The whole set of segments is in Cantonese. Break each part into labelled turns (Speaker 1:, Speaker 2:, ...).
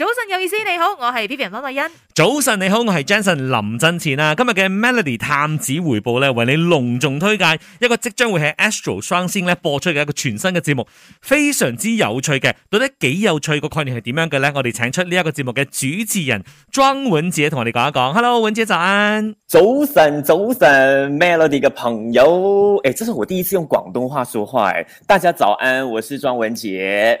Speaker 1: 早晨有意思，你好，我係 Vivienne 方麗欣。
Speaker 2: 早晨你好，我係 Jentzen 林振前啦。今日嘅 Melody 探子回報咧，為你隆重推介一個即將會喺 Astro 雙星咧播出嘅一個全新嘅節目，非常之有趣嘅。到底幾有趣個概念係點樣嘅咧？我哋請出呢一個節目嘅主持人莊文杰同我哋講一講。Hello，文杰早安。早
Speaker 3: 晨，早晨，Melody 嘅朋友。誒，這是我第一次用廣東話說話。誒，大家早安，我是莊文杰。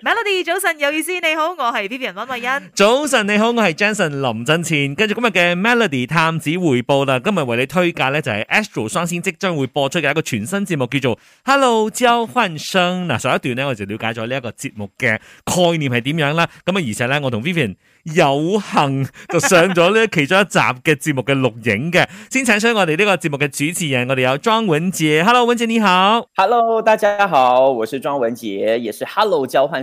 Speaker 1: Melody 早晨有意思，你好，我係 Vivian 溫慧欣。
Speaker 2: 早晨你好，我係 Jason 林振前。跟住今日嘅 Melody 探子回報啦，今日為你推介咧就係、是、Astro 雙星即將會播出嘅一個全新節目，叫做 Hello 交換生。嗱，上一段呢，我就了解咗呢一個節目嘅概念係點樣啦。咁啊，而且咧我同 Vivian 有幸就上咗呢其中一集嘅節目嘅錄影嘅， 先請出我哋呢個節目嘅主持人，我哋有莊文傑。Hello 文姐你好
Speaker 3: ，Hello 大家好，我是莊文傑，也是 Hello 交換。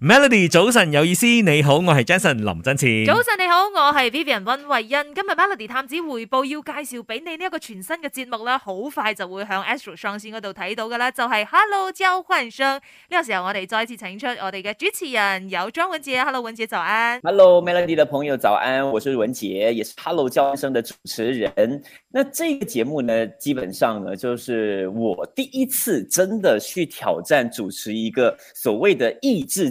Speaker 2: Melody 早晨有意思，你好，我係 Jason 林振前。早
Speaker 1: 晨你好，我係 Vivian 温慧欣。今日 Melody 探子回報要介紹俾你呢一個全新嘅節目啦，好快就會向 Astro 上線嗰度睇到嘅啦，就係、是、Hello 交換生。呢、這個時候我哋再次請出我哋嘅主持人有莊文杰，Hello 文杰早安。
Speaker 3: Hello Melody 嘅朋友早安，我是文杰，也是 Hello 交換生嘅主持人。那這個節目呢，基本上呢，就是我第一次真的去挑戰主持一個所謂的益智。